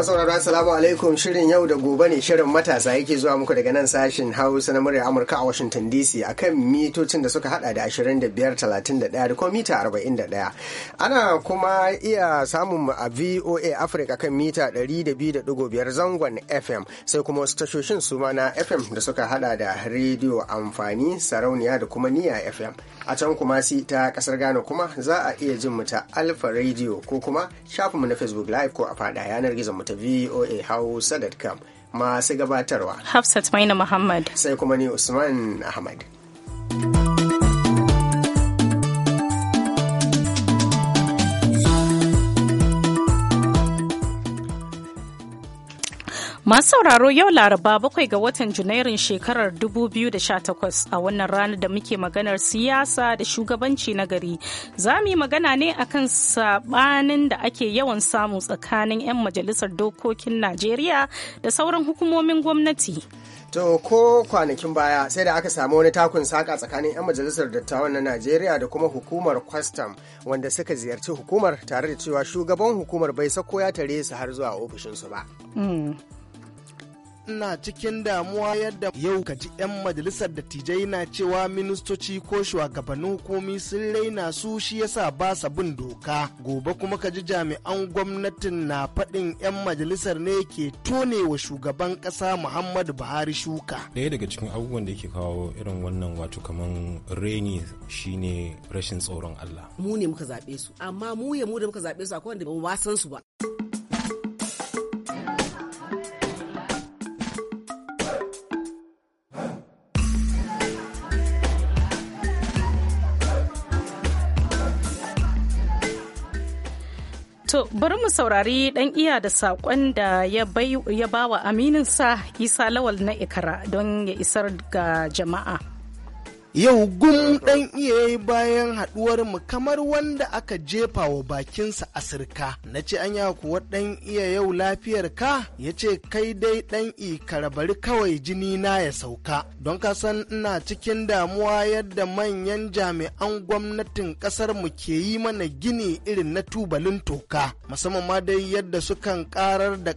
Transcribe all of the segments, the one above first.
masu sauraro assalamu alaikum shirin yau da gobe ne shirin matasa yake zuwa muku daga nan sashin hausa na murya amurka a washington dc akan mitocin da suka hada da 25 31 da kuma mita 41 ana kuma iya samun a voa africa kan mita 102.5 zangon fm sai kuma wasu tashoshin ma na fm da suka hada da rediyo amfani sarauniya da kuma niya fm a can kuma si ta kasar Ghana kuma za a iya jin mu ta Alfa Radio ko kuma mu na Facebook Live ko a fada yanar gizon mu ta voa hausa.com masu gabatarwa hafsat maina muhammad sai kuma ni usman ahmad Masu sauraro yau Laraba bakwai ga watan Junairun shekarar 2018 a wannan ranar da muke maganar siyasa da shugabanci na gari. Za mu yi magana ne a kan sabanin da ake yawan samu tsakanin 'yan majalisar dokokin Najeriya da sauran hukumomin gwamnati. To ko kwanakin baya sai da aka samu wani takun saka tsakanin 'yan majalisar dattawan na Najeriya da kuma hukumar kwastam wanda suka ziyarci hukumar tare da cewa shugaban hukumar bai sako ya tare su har zuwa ofishinsu ba. Hmm. ina cikin damuwa yadda yau ka ji 'yan majalisar dattijai na cewa ministoci ko shugabannin hukumi sun raina su shi yasa ba sa bin doka gobe kuma ka ji jami'an gwamnatin na faɗin 'yan majalisar ne ke tone wa shugaban ƙasa muhammadu buhari shuka ɗaya daga cikin abubuwan da ke kawo irin wannan wato kaman reni shine rashin tsoron allah mu ne muka zaɓe su amma mu ya mu da muka zaɓe su akwai wanda ba mu san su ba To bari mu saurari ɗan iya da saƙon da ya ba wa aminin sa Isa Lawal na Ikara don ya isar ga jama'a. yau gum ɗan iyaye bayan haɗuwar mu kamar wanda aka jefa wa bakinsa a sirka na ce an kuwa ɗan iya yau lafiyar ka ya ce kai dai ɗan i bari kawai jini na ya sauka don ka san ina cikin damuwa yadda manyan jami'an gwamnatin ƙasar mu ke yi mana gini irin na tubalin toka musamman ma dai yadda sukan karar da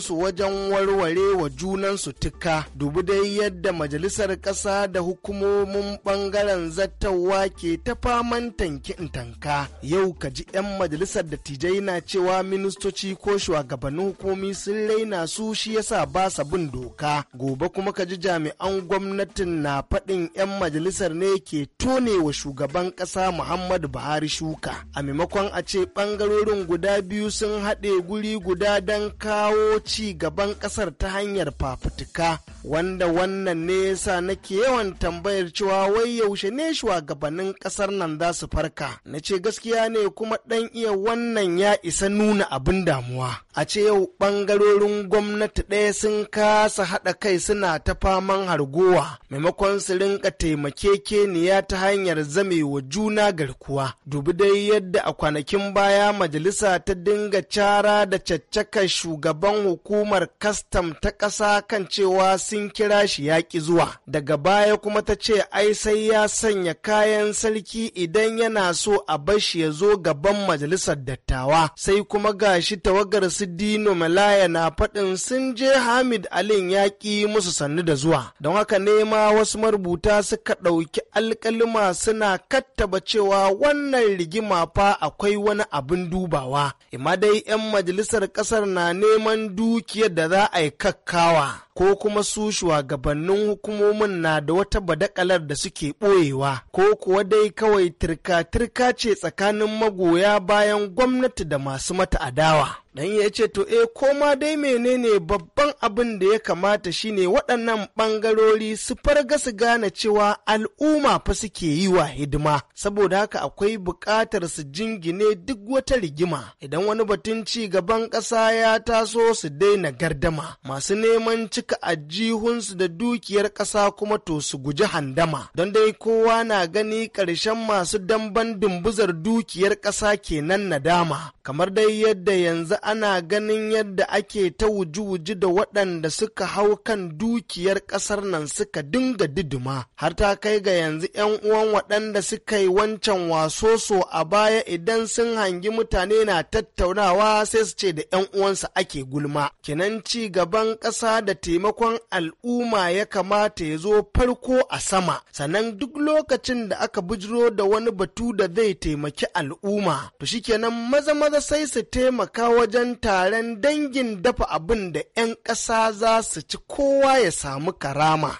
su wajen warware wa junansu tuka dubi dai yadda majalisar ƙasa da hukumomin bangaren zattawa ke ta faman tanki tanka yau ka ji 'yan majalisar da dattijai na cewa ministoci ko shugabannin hukumi sun raina su shi yasa ba sa bin doka gobe kuma ka ji jami'an gwamnatin na faɗin 'yan majalisar ne ke tone wa shugaban ƙasa muhammadu buhari shuka a maimakon a ce ɓangarorin guda biyu sun haɗe guri guda don kawo ci gaban ƙasar ta hanyar fafutuka wanda wannan ne yasa nake yawan tambayar cewa wai yaushe ne shugabannin kasar nan za su farka na ce gaskiya ne kuma dan iya wannan ya isa nuna abin damuwa a ce yau bangarorin gwamnati ɗaya sun kasa haɗa kai suna ta faman hargowa maimakon su rinka taimakekeniya ta hanyar zamewa juna garkuwa dubi dai yadda a kwanakin baya majalisa ta dinga cara da caccaka shugaban hukumar kastam ta ƙasa kan cewa sun kira shi yaƙi zuwa daga baya kuma ta ce ai ai sai ya sanya kayan sarki idan yana so a bashi ya zo gaban majalisar dattawa sai kuma gashi tawagar su dino malaya na faɗin sun je hamid alin ya ƙi musu sannu da zuwa don haka ne ma wasu marubuta suka ɗauki alƙalima suna kattaba cewa wannan rigima fa akwai wani abin dubawa ima dai 'yan majalisar ƙasar na neman dukiyar da za a yi kakkawa ko kuma su shugabannin hukumomin na da wata badakalar da suke ɓoyewa ko kuwa dai kawai turka-turka ce tsakanin magoya bayan gwamnati da masu mata adawa. Dan ya ce to e koma dai menene babban abin da ya kamata shine waɗannan ɓangarori su farga su gane cewa al'umma fa suke yi wa hidima saboda haka akwai buƙatar su jingine duk wata rigima idan wani batun ci gaban ƙasa ya taso su daina gardama masu neman cika ajihunsu da dukiyar ƙasa kuma to su guji handama don dai kowa na gani ƙarshen masu damban dumbuzar dukiyar ƙasa kenan nadama kamar dai yadda yanzu ana ganin yadda ake ta wuji-wuji da waɗanda suka hau kan dukiyar ƙasar nan suka dinga diduma har ta kai ga yanzu 'yan uwan waɗanda suka yi wancan wasoso a baya idan sun hangi mutane na tattaunawa sai su ce da 'yan uwansa ake gulma. Kinan ci gaban ƙasa da taimakon al'umma ya kamata ya zo farko a sama sannan duk lokacin da aka bujiro da wani batu da zai taimaki al'umma to shikenan maza maza sai su taimaka wajen taron dangin dafa abin da 'yan ƙasa za su ci kowa ya samu karama.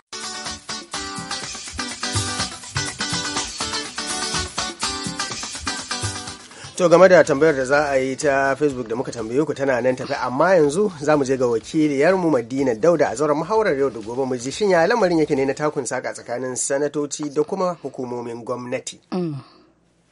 To game da tambayar da za a yi ta Facebook da muka tambaye ku tana nan tafi amma yanzu za mu je ga wakiliyarmu Madina Dauda a zauren muhawarar yau da gobe mu ji shin ya lamarin yake ne na takun saka tsakanin sanatoci da kuma hukumomin gwamnati. Mm.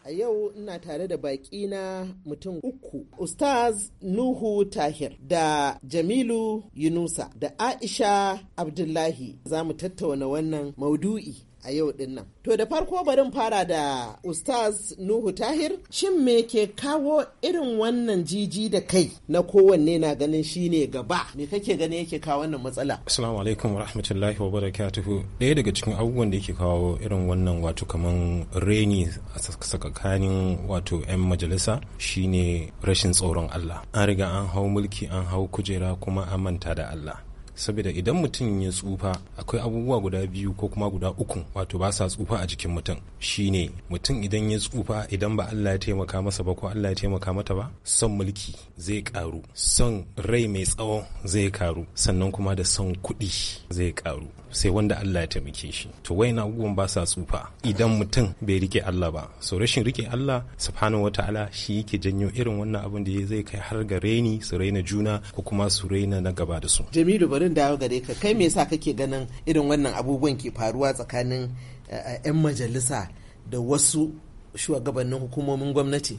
a yau ina tare da baƙi na mutum uku ustaz nuhu tahir da jamilu yunusa da aisha abdullahi za mu tattauna wannan maudu'i a yau din To da farko barin fara da Ustaz Nuhu Tahir, shin me ke kawo irin wannan jiji da kai na kowanne na ganin shi ne gaba? Me kake gani yake kawo wannan matsala? Asalamu alaikum wa rahmatullahi wa barakatuhu. Ɗaya daga cikin abubuwan da yake kawo irin wannan wato kaman reni a tsakanin wato 'yan majalisa shine rashin tsoron Allah. An riga an hau mulki an hau kujera kuma an manta da Allah. saboda idan mutum ya tsufa akwai abubuwa guda biyu ko kuma guda uku wato ba sa tsufa a jikin mutum shine mutum idan ya tsufa idan ba Allah ya taimaka masa ba ko Allah ya taimaka mata ba son mulki zai karu son rai mai tsawo zai karu sannan kuma da son kuɗi zai karu sai wanda Allah ya taimake shi to na abubuwan ba sa tsufa idan mutum bai rike Allah ba so rashin rike Allah subhanahu wataala shi yake janyo irin wannan abin da zai kai har ga reni su raina juna ko kuma su raina na gaba da su jamilu bari barin dawo gare ka kai me yasa kake ganin irin wannan abubuwan ke faruwa tsakanin 'yan eh, eh, majalisa da wasu shugabannin hukumomin gwamnati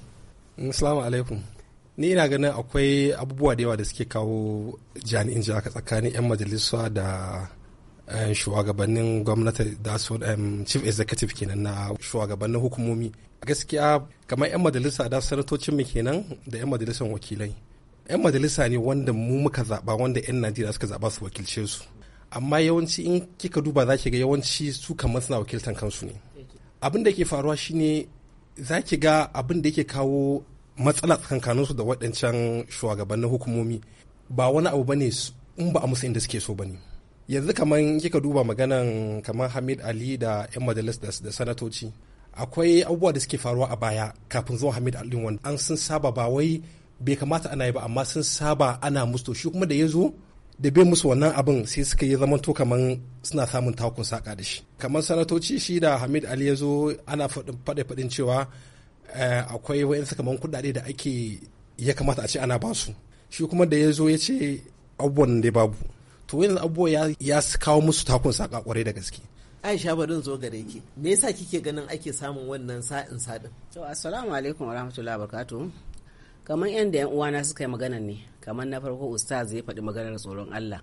assalamu alaikum ni ina ganin akwai abubuwa da yawa da suke kawo jami'in jaka tsakanin 'yan majalisa da eh, shugabannin gwamnati da su chief executive kenan na shugabannin hukumomi gaskiya kamar 'yan majalisa da sanatocin mu kenan da 'yan majalisar wakilai 'yan majalisa ne wanda mu muka zaɓa wanda 'yan najeriya suka zaba su wakilce su amma yawanci in kika duba za ki ga yawanci su kamar suna wakiltan kansu ne abin da ke faruwa shine za ki ga abin da yake kawo matsala tsakankanin su da waɗancan shugabannin hukumomi ba wani abu bane in ba a musu inda suke so bane yanzu kamar kika duba maganan kamar hamid ali da 'yan majalisa da sanatoci akwai abubuwa da suke faruwa a baya kafin zuwa hamid ali wanda an sun saba ba wai bai kamata ana yi ba amma sun saba ana musu shi kuma da ya zo da bai musu wannan abin sai suka yi zaman to kamar suna samun takun saka da shi kamar sanatoci shi da hamid ali ya zo ana faɗin faɗin cewa eh, akwai wa'insu kaman kuɗaɗe da ake ya kamata a ce ana ba su shi kuma da ya zo ya ce abubuwan da babu to yanzu abubuwa ya kawo musu takun saka kwarai da gaske Aisha barin zo gare ki. Me yasa kike ganin ake samun wannan sa'in sadin? To assalamu alaikum warahmatullahi wabarakatuh. kamar da yan uwana suka yi maganar ne kamar na farko ustaz ya faɗi maganar tsoron Allah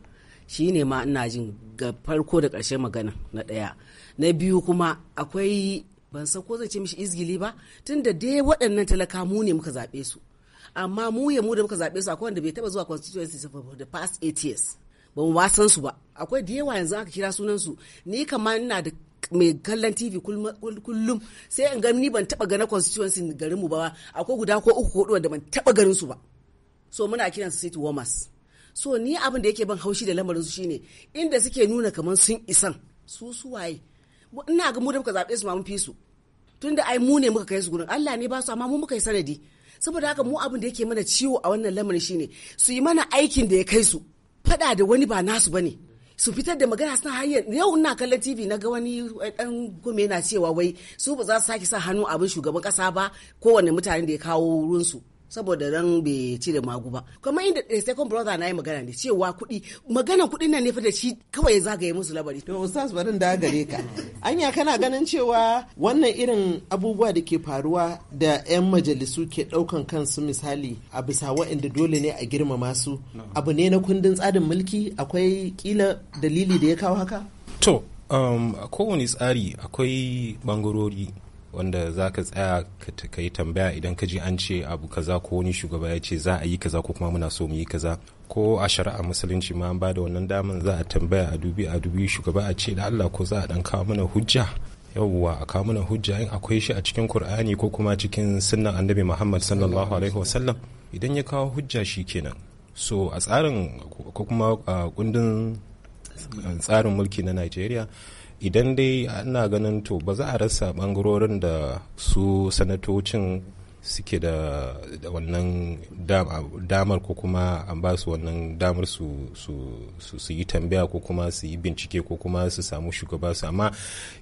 shi ne ma ina jin ga farko da ƙarshen magana na ɗaya na biyu kuma akwai ban san ko zan ce mishi izgili ba tun da dai waɗannan talaka mu ne muka zaɓe su amma mu ya mu da muka zaɓe su akwai wanda bai taɓa zuwa constituency for the past eight years ba mu ba san su ba akwai da yawa yanzu aka kira sunan su ni kama ina da mai kallon tv kullum sai in gani ban taba gana constituency garin mu ba akwai guda ko uku ko hudu wanda ban taba garin su ba so muna kiran su city warmers so ni abin da yake ban haushi da lamarin su shine inda suke nuna kamar sun isan su su waye ina ga mu da muka zabe su ma mun fi su tunda ai mu ne muka kai su gurin Allah ne ba su amma mu muka yi sanadi saboda haka mu abin da yake mana ciwo a wannan lamarin shine su yi mana aikin da ya kai su fada da wani ba nasu bane su fitar da magana suna hanyar yau na kallon tv na ga wani dan eh, gome yana cewa wai su ba za su sake sa hannu abin shugaban kasa ba kowane mutane da ya kawo ruwansu saboda ran bai ci da magu ba kuma inda da eh, second brother na yi magana ne cewa kuɗi magana kuɗin nan ne fa da shi kawai zagaye musu labari to ustaz bari da gare ka anya kana ganin cewa wannan irin abubuwa da ke faruwa da yan majalisu ke ɗaukan kansu misali a bisa wa'inda dole ne a girmama su abu ne na kundin tsarin mulki akwai kila dalili da ya kawo haka to um, kowane tsari akwai bangarori wanda za ka tsaya ka yi tambaya idan ka ji an ce abu kaza ko wani shugaba ya ce za a yi kaza ko kuma muna so mu yi kaza ko a shari'a musulunci ma an bada wannan daman za a tambaya a dubi a dubi shugaba a ce da Allah ko za a dan kawo mana hujja yawwa a kawo mana hujja in akwai shi a cikin Kur'ani ko kuma cikin sunnan Annabi Muhammad sallallahu alaihi wasallam idan ya kawo hujja shi kenan so a tsarin ko kuma kundin tsarin mulki na Najeriya idan dai ana ganin to ba za a rasa bangarorin da su sanatocin suke da wannan damar ko kuma an ba su wannan damar su yi tambaya ko kuma su yi bincike ko kuma su samu shugaba su amma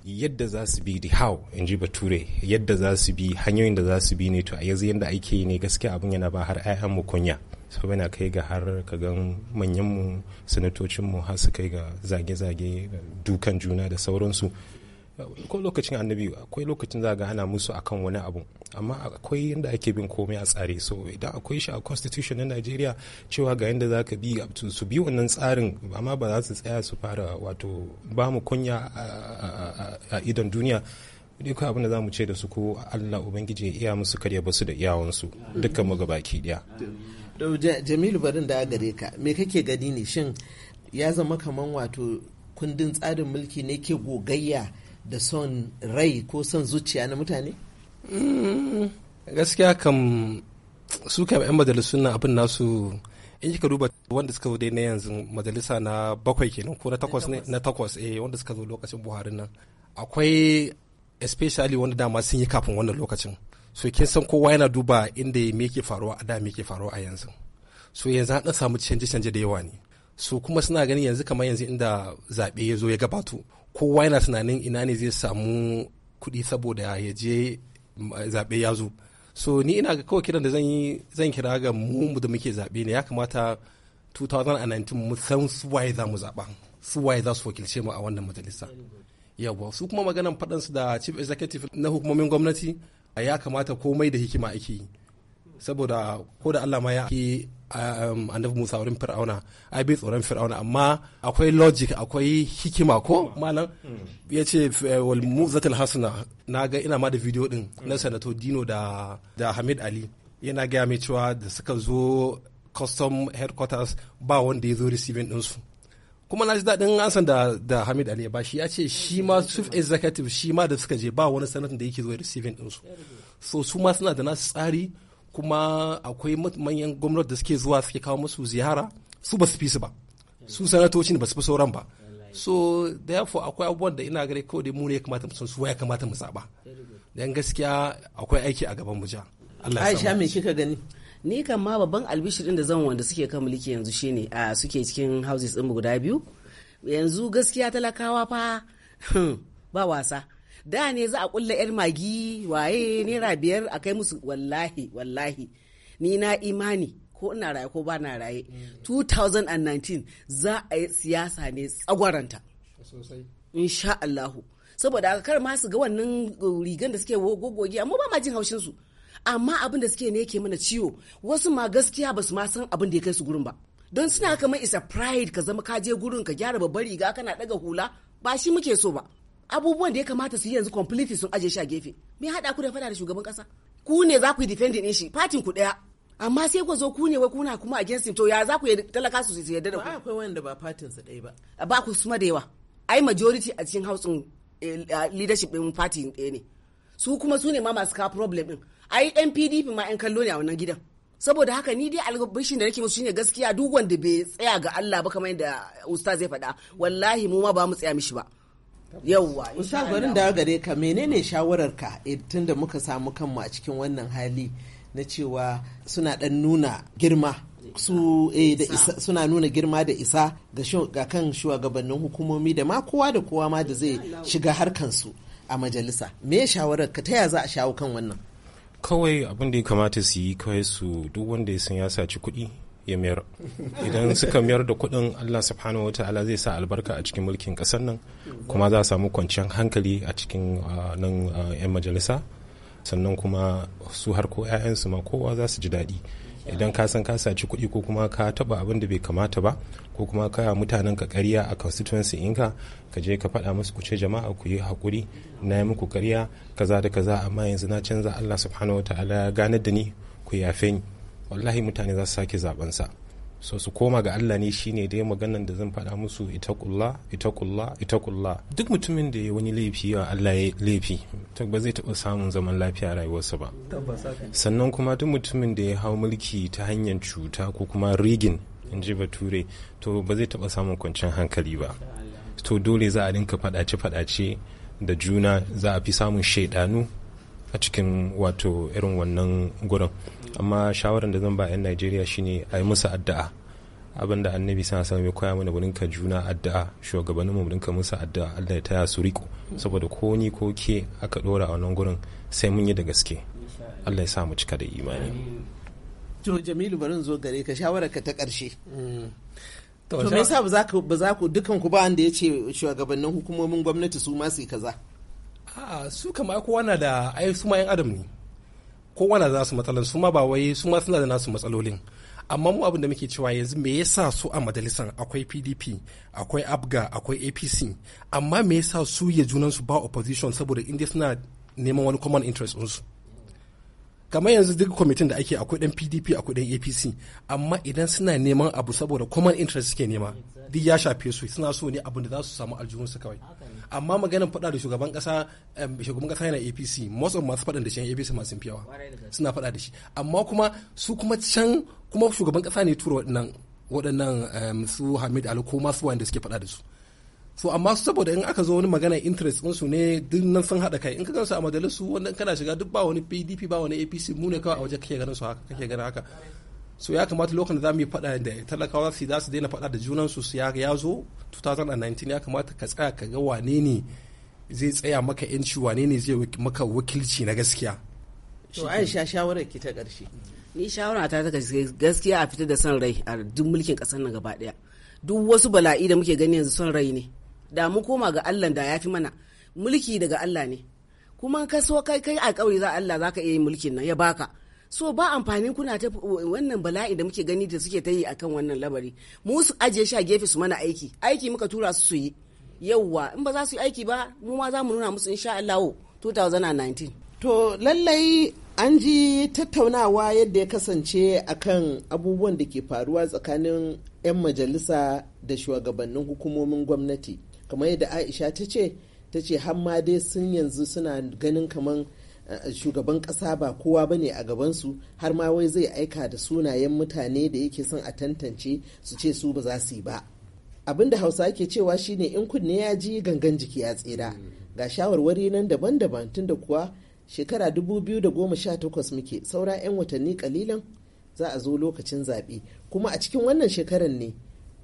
yadda za su bi di how in ji bature yadda za su bi hanyoyin da za su bi ne to a yanzu yadda aiki ne gaskiya abin yana ba har 'ya'yan mu so yana kai ga har ka gan manyanmu sanatocinmu har su kai ga zage-zage dukan juna da sauransu ko lokacin annabi akwai lokacin za ga ana musu akan wani abu amma akwai yadda ake bin komai a tsare so idan akwai shi a constitution na nigeria cewa ga yadda za ka bi su bi wannan tsarin amma ba za su tsaya su fara wato ba mu kunya a idon duniya duk abin da za mu ce da su ko allah ubangiji ya iya musu karya basu da iyawansu dukkan mu gabaki daya jamilu barin da gare ka me kake gani ne shin ya zama kaman wato kundin tsarin mulki ne ke gogayya da son rai ko son zuciya na mutane mm, gaskiya kam su kam 'yan majalisun na abin nasu in ka duba wanda suka zo dai na yanzu majalisa na bakwai kenan ko na takwas ne na takwas eh wanda suka zo lokacin buhari nan akwai especially wanda dama sun yi kafin wannan lokacin so kin san kowa yana duba inda me ke faruwa a da me ke faruwa a yanzu so yanzu an samu canje canje da yawa ne so kuma suna ganin yanzu kamar yanzu inda zaɓe ya zo ya gabato kowa yana tunanin ina ne zai samu kuɗi saboda ya je zaɓe ya zo so ni ina ga kawai kiran da zan yi zan kira ga mu da muke zaɓe ne ya kamata 2019 mu san su waye za mu zaɓa su waye za su wakilce mu a wannan majalisa yawa su kuma maganan faɗansu da chief executive na hukumomin gwamnati a ya kamata komai da hikima ake yi saboda ko da Allah ma ya ki um, annabi Musa wurin Fir'auna ai bai tsoron Fir'auna amma akwai logic akwai hikima ko malam hmm. ya ce eh, wal muzatil hasana na ga ina ma da video din hmm. na sanato Dino da da Hamid Ali yana gaya mai cewa da suka zo custom headquarters ba wanda ya zo receiving su. kuma na ji daɗin ansan da da Hamid Ali ya shi ya ce shi ma chief executive shi ma da suka je ba wani sanatin da yake zuwa receiving ɗinsu so su ma suna da nasu tsari kuma akwai manyan gwamnati da suke zuwa suke kawo musu ziyara su ba su fi su ba su sanatocin ba su fi sauran ba so therefore akwai abubuwan da ina gare kawai dai mu ne ya kamata mu san su ya kamata mu saba dan gaskiya akwai aiki a gaban mu ja Allah ya Aisha me kika gani ni kan ma babban albishir da zan wanda suke kan mulki yanzu shine a ah, suke cikin houses din guda biyu yanzu gaskiya talakawa fa hmm, ba wasa da ne za a kulla yar magi waye naira biyar a kai musu wallahi wallahi ni na imani ko ina raye ko ba na raye 2019 za a yi siyasa ne tsagwaranta insha Allahu saboda kar ma su ga wannan uh, rigan da suke gogogi amma ba ma jin haushin su amma abin da suke ne yake mana ciwo wasu ma gaskiya ba su ma san abin da ya kai su gurin ba don suna kamar isa pride ka zama ka je gurin ka gyara babbar riga kana daga hula ba shi muke so ba abubuwan da ya kamata su yi yanzu completely sun aje shi a gefe me hada ku da fada da shugaban kasa ku ne za ku yi defending din shi fatin ku daya amma sai ku zo ku ne wai kuna kuma against him to ya za ku yi talaka su su yarda da ku akwai wanda ba fatin su dai ba ba ku suma da yawa ai majority a cikin house eh, leadership din party daya ne su kuma su ne ma masu kawo problem din ai ɗan pdp ma 'yan kallo ne a wannan gidan saboda haka ni dai albishin da nake musu shine gaskiya duk wanda bai tsaya ga Allah ba kamar yadda ustaz zai faɗa wallahi mu ma ba mu tsaya mishi ba yawwa ustaz gwarin da gare ka menene shawarar ka eh, tun muka samu kanmu a cikin wannan hali na cewa suna dan nuna girma su eh, da isa, suna nuna girma da isa ga kan shugabannin hukumomi da ma kowa da kowa ma da zai shiga harkansu a majalisa me shawarar ka ta ya za a shawo kan wannan kawai abin da ya kamata su yi kawai su duk wanda ya san ya saci kuɗi ya mayar idan suka mayar da kuɗin allah subhanahu ta'ala zai sa albarka a cikin mulkin ƙasar nan kuma za a samu kwanciyar hankali a cikin nan 'yan majalisa sannan kuma su har ko 'ya'yansu ma kowa za su ji daɗi idan ka san ka saci kuɗi ko kuma ka taɓa abin da bai kamata ba ko kuma ka mutanen ka ƙarya a constituency inka ka je ka faɗa musu kuce jama'a ku yi haƙuri na yi muku ƙarya kaza da kaza amma yanzu na canza Allah subhanahu wa ta'ala ya ganar da ni ku yafe ni wallahi mutane za su sake zaben sa so su koma ga Allah ne shine dai maganan da zan faɗa musu ita kulla ita kulla ita kulla duk mutumin da ya wani laifi wa Allah ya laifi to ba zai taɓa samun zaman lafiya rayuwarsa ba sannan kuma duk mutumin da ya hau mulki ta hanyar cuta ko kuma rigin in ji bature to ba zai taɓa samun kwanciyar hankali ba to dole za a dinka faɗace-faɗace da juna za a fi samun shaidanu a cikin wato irin wannan gurin amma shawaran da zan ba 'yan najeriya shine a yi musu addu'a abin da annabi sana sami mai koya mana murinka juna addu'a shugabannin mu murinka musu addu'a Allah ya taya su riko saboda ko ni ko ke aka dora a wannan gurin sai mun yi da gaske Allah ya sa mu cika da imani to Jamilu bari zo gare ka ka ta karshe mm. to me yasa ba za ku ba za ku dukan ku ba wanda yace shugabannin hukumomin gwamnati su ma su kaza a su kama kowa na da ai su ma yan adam ne kowane na da nasu matsalar su ma ba wai su ma suna da nasu matsalolin amma mu abin da muke cewa yanzu me yasa su a majalisar akwai pdp akwai abga akwai apc amma me yasa su ya junansu ba opposition saboda inda suna neman wani common interest unsu kamar yanzu duk kwamitin da ake akwai dan pdp akwai dan apc amma idan suna neman abu saboda common interest suke nema duk ya shafe su suna so ne abin da za su samu aljihunsu kawai amma maganin faɗa da shugaban kasa shugaban kasa yana apc most of masu faɗan da shi apc masu fiyawa suna faɗa da shi amma kuma su kuma can kuma shugaban kasa ne tura waɗannan waɗannan su hamid ali ko masu wanda suke faɗa da su so amma su saboda in aka zo wani magana interest din su ne duk nan sun hada kai in ka gansu a majalisu wanda kana shiga duk ba wani pdp ba wani apc mu ne kawai a waje kake ganin su haka kake ganin haka so ya kamata lokacin da za mu yi faɗa da talakawa su za su daina fada da junansu su ya zo 2019 ya kamata ka tsaya ka ga wane ne zai tsaya maka yanci wane ne zai maka wakilci na gaskiya to sha shawarar ki ta karshe. ni shawara ta ta gaskiya a fita da son rai a duk mulkin kasar nan gaba daya duk wasu bala'i da muke gani yanzu son rai ne da mu koma ga Allah da ya fi mana mulki daga Allah ne kuma ka so kai kai kauri za Allah zaka iya mulkin nan ya baka so ba amfanin kuna ta wannan bala'i da muke gani da suke ta yi akan wannan labari mu su ajiye shi a gefe su mana aiki aiki muka tura su su yi yauwa in ba za su yi aiki ba mu ma za mu nuna musu insha Allah 2019 to lallai an ji tattaunawa yadda ya kasance akan abubuwan da ke faruwa tsakanin 'yan majalisa da shugabannin hukumomin gwamnati kamar yadda aisha ta ce ta ce har ma dai sun yanzu suna ganin kamar. shugaban ƙasa ba kowa ba ne a gabansu har ma wai zai aika da sunayen mutane da yake son a tantance su ce su ba za su yi ba abin da hausa ke cewa shine in kunne ya ji gangan jiki ya tsira ga shawarwari nan daban-daban tun da kuwa shekara 2018 muke saura 'yan watanni kalilan za a zo lokacin zaɓe kuma a cikin wannan shekarar ne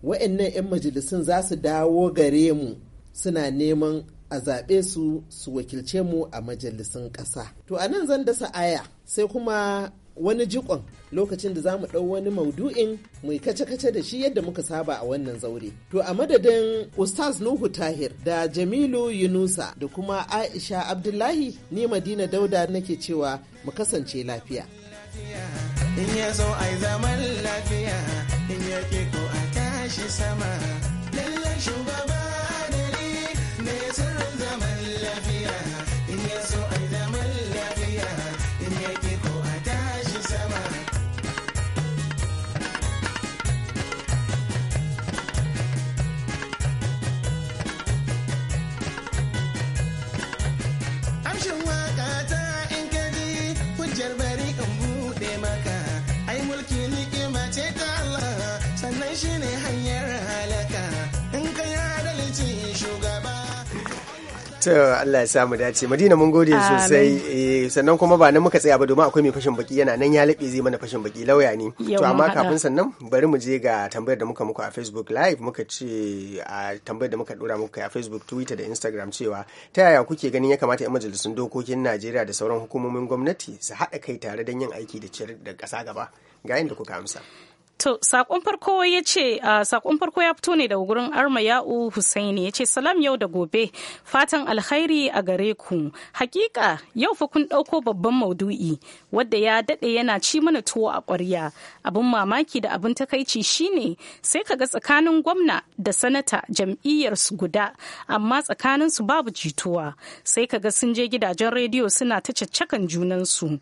wa'annan 'yan majalisun za su dawo gare mu suna neman a zaɓe su su wakilce mu a majalisun ƙasa. To a nan zan dasa aya sai kuma wani jikon lokacin da za mu ɗau wani maudu'in mu kace-kace da shi yadda muka saba a wannan zaure. To a madadin Ustaz Nuhu Tahir da Jamilu Yunusa da kuma Aisha Abdullahi ni Madina Dauda nake cewa mu kasance lafiya. In sama, shugaba. to Allah ya samu dace Madina mun gode sosai eh, sannan kuma ba nan muka tsaya ba domin akwai mai fashin baki yana nan ya laɓe zai mana fashin baki lauya ne to amma kafin sannan bari mu je ga tambayar da muka muku a Facebook live muka ce a tambayar da muka dora muku a Facebook Twitter da Instagram cewa ta yaya kuke ganin ya kamata 'yan majalisun dokokin Najeriya da sauran hukumomin gwamnati su haɗa kai tare don yin aiki da ciyar da ƙasa gaba ga yanda kuka amsa To, sakon farko ya ce, sakon farko ya fito ne daga gurin Arma Ya'u Husaini ya ce, Salam yau da gobe, fatan alkhairi a gare ku. Hakika, yau fa kun ɗauko babban maudu'i, wadda ya daɗe yana ci mana tuwo a ƙwarya. Abin mamaki da abin takaici shine sai kaga tsakanin gwamna da sanata jam'iyyarsu guda, amma tsakaninsu babu jituwa. Sai kaga sun je gidajen rediyo suna ta caccakan junansu.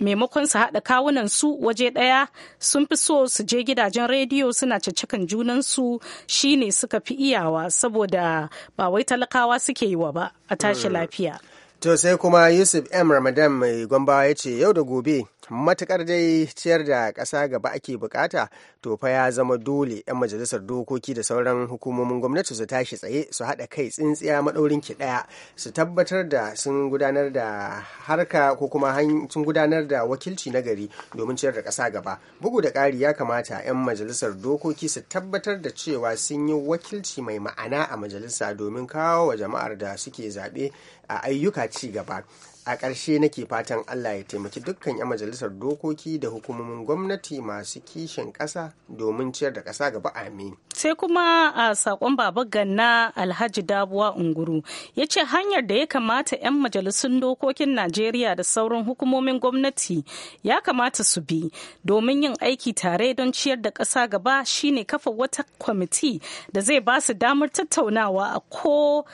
maimakon su haɗa kawunan su waje ɗaya sun fi so su je gidajen rediyo suna caccakan junan su shine suka fi iyawa saboda ba wai talakawa suke yi wa ba a tashi hmm. lafiya. To sai kuma Yusuf M. Ramadan mai gwamba ya ce yau da gobe matukar dai ciyar da ƙasa gaba ake bukata to fa ya zama dole 'yan majalisar dokoki da sauran hukumomin gwamnati su tashi tsaye su haɗa kai tsintsiya maɗaurin ki ɗaya su tabbatar da sun gudanar da harka ko kuma sun gudanar da wakilci na gari domin ciyar da ƙasa gaba bugu da ƙari ya kamata 'yan majalisar dokoki su tabbatar da cewa sun yi wakilci mai ma'ana a majalisa domin kawo wa jama'ar da suke zaɓe a ayyuka ci gaba a ƙarshe nake fatan allah ya taimaki dukkan 'yan majalisar dokoki da hukumomin gwamnati masu kishin ƙasa domin ciyar da ƙasa gaba amin sai kuma a sakon baba ganna alhaji dabuwa unguru ya ce hanyar da ya kamata 'yan majalisun dokokin najeriya da sauran hukumomin gwamnati ya kamata su bi domin yin aiki tare don ciyar da ƙasa gaba shine kafa wata kwamiti da zai ba su damar tattaunawa a ko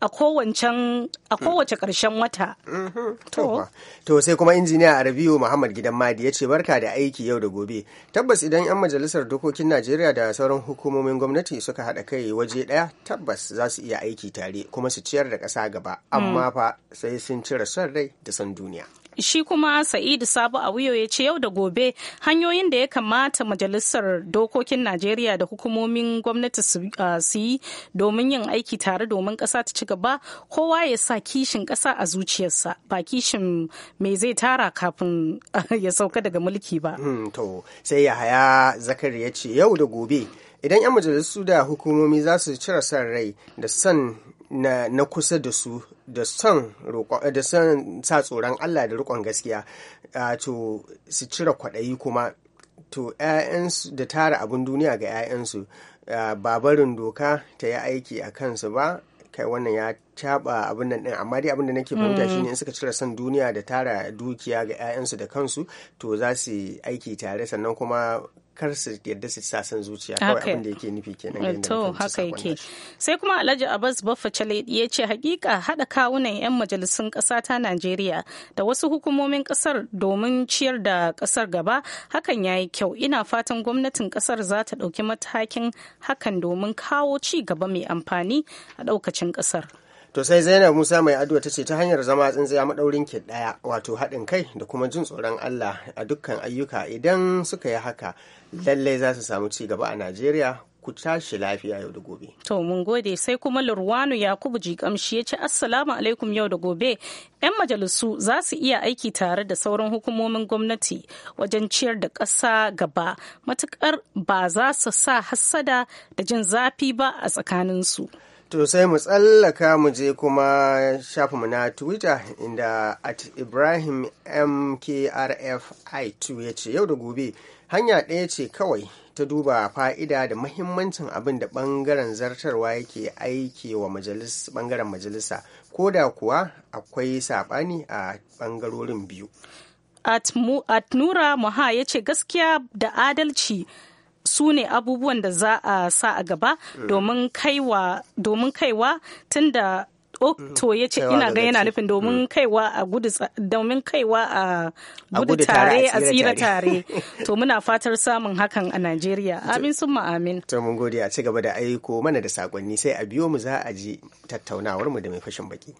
a kowace ƙarshen wata. Mm-hmm. To sai kuma injiniya a rabiu Muhammad Gidan Madi ya ce barka da aiki yau da gobe. Tabbas idan 'yan majalisar dokokin Najeriya da sauran hukumomin gwamnati suka haɗa kai waje ɗaya tabbas za su iya aiki tare kuma su ciyar da ƙasa gaba mm. amma fa sai sun cire son rai da son duniya. shi kuma sa'idu sabu a wuyo ya ce yau da gobe hanyoyin da ya kamata majalisar dokokin najeriya da hukumomin gwamnati uh, su yi domin yin aiki tare domin ƙasa ta ci gaba kowa ya sa kishin ƙasa a zuciyarsa ba kishin mai zai tara kafin ya sauka daga mulki ba hmm, to sai ya haya zakari ya ce yau da gobe idan 'yan majalisu da hukumomi za su cire son rai da son na, na kusa da su da son sa tsoron Allah da riƙon gaskiya to su cire kwaɗayi kuma to 'ya'yansu da tara abin duniya ga 'ya'yansu ba barin doka ta yi aiki a kansu ba kai wannan ya caba abin nan din amma dai abin da nake fahimta mm. ne in suka cire son duniya da tara dukiya ga 'ya'yansu da kansu to za su aiki tare sannan kuma kar su yadda su sa san zuciya kawai abin da yake nufi kenan eh, to haka yake sai kuma Alhaji Abbas Baffacale ya ce hakika hada kawunan yan majalisun kasa ta Najeriya da wasu hukumomin ƙasar domin ciyar da ƙasar gaba hakan yayi kyau ina fatan gwamnatin ƙasar za ta dauki matakin hakan domin kawo ci gaba mai amfani a daukacin ƙasar. To sai Zainab Musa mai addu'a ta ce ta hanyar zama tsintsiya maɗaurin ki ɗaya wato haɗin kai da kuma jin tsoron Allah a dukkan ayyuka idan suka yi haka lallai za su samu ci gaba a Najeriya ku tashi lafiya yau da gobe. To mun gode sai kuma Lurwanu Yakubu Jikamshi ya ce Assalamu alaikum yau da gobe. 'Yan majalisu za su iya aiki tare da sauran hukumomin gwamnati wajen ciyar da ƙasa gaba matukar ba za su sa hassada da jin zafi ba a tsakaninsu. To sai mu tsallaka mu je kuma shafi mu na Twitter inda at Ibrahim MKRFI2 ya ce yau da gobe hanya ɗaya ce kawai ta duba fa'ida da mahimmancin abin da ɓangaren zartarwa yake aiki wa ɓangaren majalisa ko da kuwa akwai saɓani a ɓangarorin biyu. At Nura Muha ya ce gaskiya da adalci su ne abubuwan da za a sa a gaba eh. domin kaiwa tun mm. da to ya ce ina ga yana nufin mm. domin kaiwa a gudu domin kaiwa a gudu tare a tsira tare to muna fatar samun hakan a Najeriya amin sun amin to mun gode a ci gaba da aiko mana da sakonni sai a biyo mu za a ji tattaunawar mu da mai fashin baki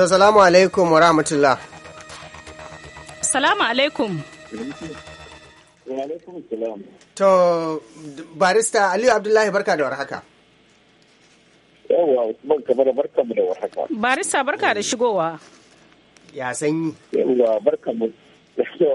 To, salamu alaikum wa rahmatullah. Salamu alaikum. To, barista Aliyu Abdullahi barka da warhaka. Yawwa, Usman kamar barka mu da warhaka. Barista barka da shigowa. Ya sanyi. Yawwa, barka mu.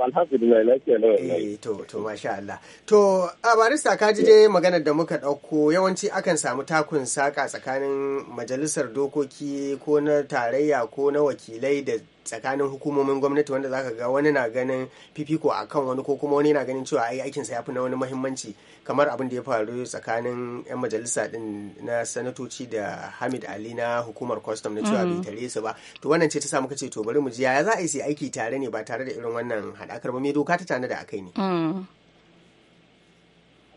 alhamdulillah lafiya eh, to masha Allah to a barista ka ji dai maganar da muka ɗauko yawanci akan samu takun saka tsakanin majalisar dokoki ko na tarayya ko na wakilai da tsakanin hukumomin gwamnati wanda zaka ga wani na ganin fifiko akan wani ko kuma wani na ganin cewa ai aikinsa ya fi na wani muhimmanci kamar abin da ya faru tsakanin 'yan majalisa din na sanatoci da hamid ali na hukumar kwastam na cewa bai mm-hmm. tare su ba to wannan ce ta sa muka ce to bari mu ji yaya za a yi aiki tare ne ba tare da irin wannan haɗakar ba me doka ta tana da akai ne mm.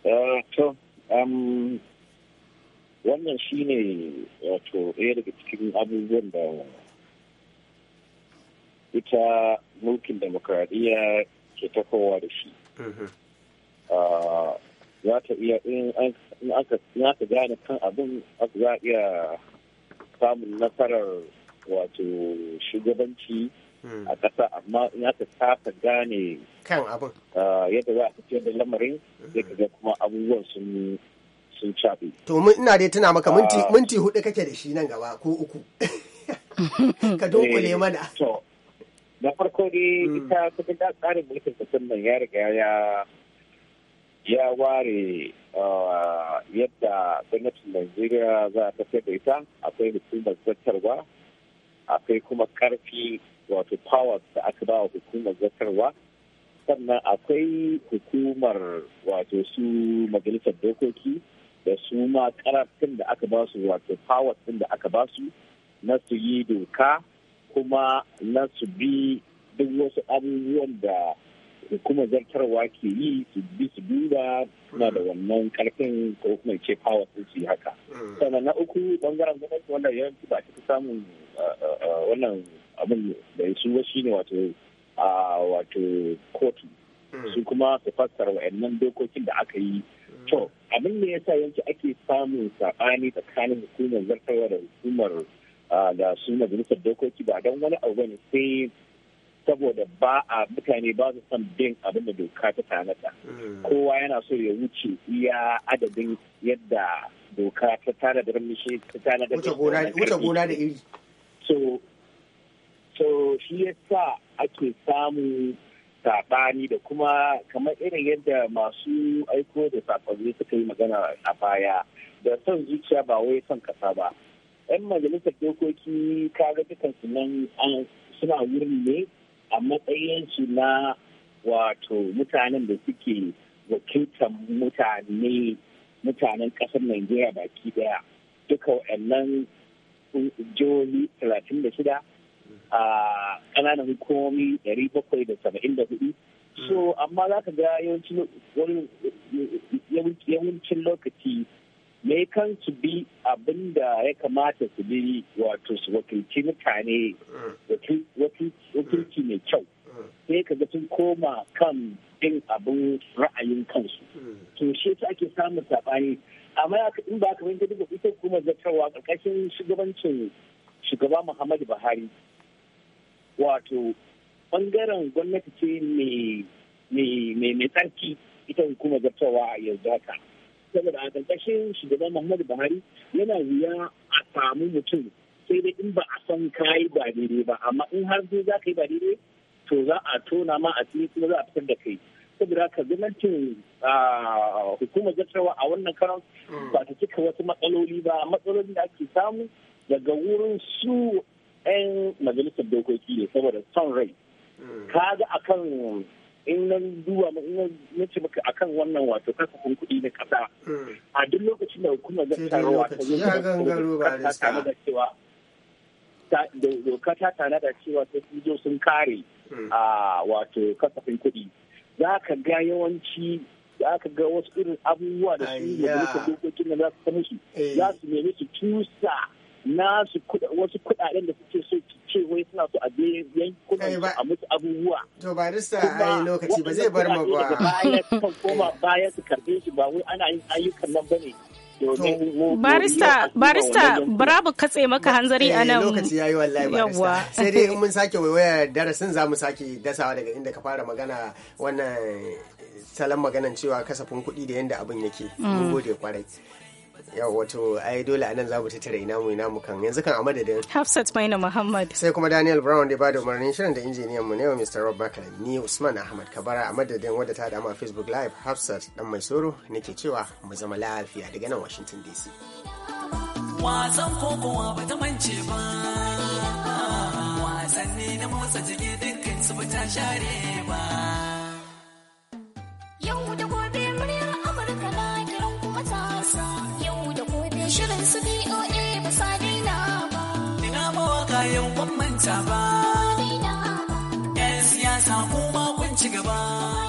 eh, to um, wannan ne wato ɗaya daga cikin abubuwan da ita mulkin demokradiyya ke takowa da shi mm-hmm. ah, za ta iya in aka gane kan abin aka za iya samun nasarar wato shugabanci hmm. a ƙasa amma in aka ta gane kan abin ah, yadda za a tafiyar da lamarin sai ka ga kuma abubuwan sun sun caɓe. To mun ina dai tuna maka minti ah. minti hudu kake da shi nan gaba ko uku. Ka dunkule eh, mana. To na farko dai hmm. ita kuma da tsarin mulkin kasar nan ya riga ya ya ware uh, yadda gwamnatin najeriya za a tafiyar da ita akwai hukumar zartarwa akwai kuma karfi wato power da aka ba wa hukumar zartarwa sannan akwai hukumar wato su majalisar dokoki da su ma karafin da aka ba su wato power din da aka ba su na su yi doka kuma na su bi duk wasu abubuwan da kuma zartarwa ke yi su bi su duba suna da wannan karfin ko kuma ce power sun su yi haka sannan na uku bangaren gwamnati wanda yawanci ba ta samun wannan abin da ya su ba ne wato wato kotu su kuma su fassara wa'annan dokokin da aka yi to abin da ya sa yanki ake samun saɓani tsakanin hukumar zartarwa da hukumar da su majalisar dokoki ba don wani abu ne sai saboda ba a mutane ba su son bin abin da doka ta tanada hmm. kowa yana so ya wuce iya adadin yadda doka ta da mishi ta tanada wuce gona da iri so so shi yasa ake samu saɓani da kuma kamar irin yadda masu aiko da saƙonni suka yi magana a baya da son zuciya ba wai son kasa ba yan majalisar dokoki kaga dukansu nan suna wuri ne a matsayinsu na wato mutanen da suke wakiltar mutane mutanen ƙasar Najeriya baki daya duka wa'annan jihohi talatin a ƙananan hukumomi 774 bakwai so amma za ka ga yawancin lokaci me kan su bi abin da ya kamata su bi wato su wakilci mutane wakilci mai kyau sai kaga sun koma kan bin abin ra'ayin kansu to shi ta ake samun saɓani amma in ba ka fahimta duka ita kuma zartarwa ƙarƙashin shugabancin shugaba muhammadu buhari wato ɓangaren gwamnati ce mai tsarki ita hukumar zartarwa a yanzu haka saboda a ƙarƙashin shugaban muhammadu buhari yana wuya a samu mutum sai dai in ba a san kayi ba daidai ba amma in har sai za ka yi ba daidai to za a tona ma a cikin kuma za a fitar da kai saboda ka gwamnatin hukumar zartarwa a wannan karan hmm. ba ta cika wasu matsaloli ba matsaloli da ake samu daga wurin su 'yan majalisar dokoki ne saboda son rai hmm. ka ga akan in nan duba in na ce maka akan wannan wato kasafin kuɗi na kasa hmm. a duk lokacin da hukumar zartarwa ta yi da cewa doka ta tana da cewa ta fijo sun kare hmm. a wato kasafin kuɗi za ka ga yawanci za ka ga wasu irin abubuwa da su yi da dokokin da za su ta musu eh. za su nemi su cusa na wasu kuɗaɗen da suke so ce wai suna so a biyan yankunan eh, a musu abubuwa. To ba rista a yi lokaci ba zai bar mu ba. Baya kan koma eh. baya su karbe shi ba wai ana yin ayyukan nan bane. barista barista bravo katse maka hanzari a nan eh, lokaci yayi wallahi barista sai dai in mun sake waiwaya darasin za mu sake dasawa daga inda ka fara magana wannan salon maganan cewa kasafin kuɗi da yadda abin yake mun mm. gode kwarai Yau wato ai dole nan za mu tattara ina mu ina mu kan yanzu kan a madadin Hafsat Maina Muhammad sai kuma Daniel Brown da ba da umarnin shirin da injiniyan mu ne wa Mr. Rob Baka ni Usman Ahmad Kabara a madadin wadda ta dama Facebook Live Hafsat dan mai soro nake cewa mu zama lafiya daga nan Washington DC wasan kokowa ba ta mance ba wasanni na motsa jiki dukkan su ba share ba yau da gobe murya yau ban manta ba. 'Yan siyasa kuma kun ci gaba.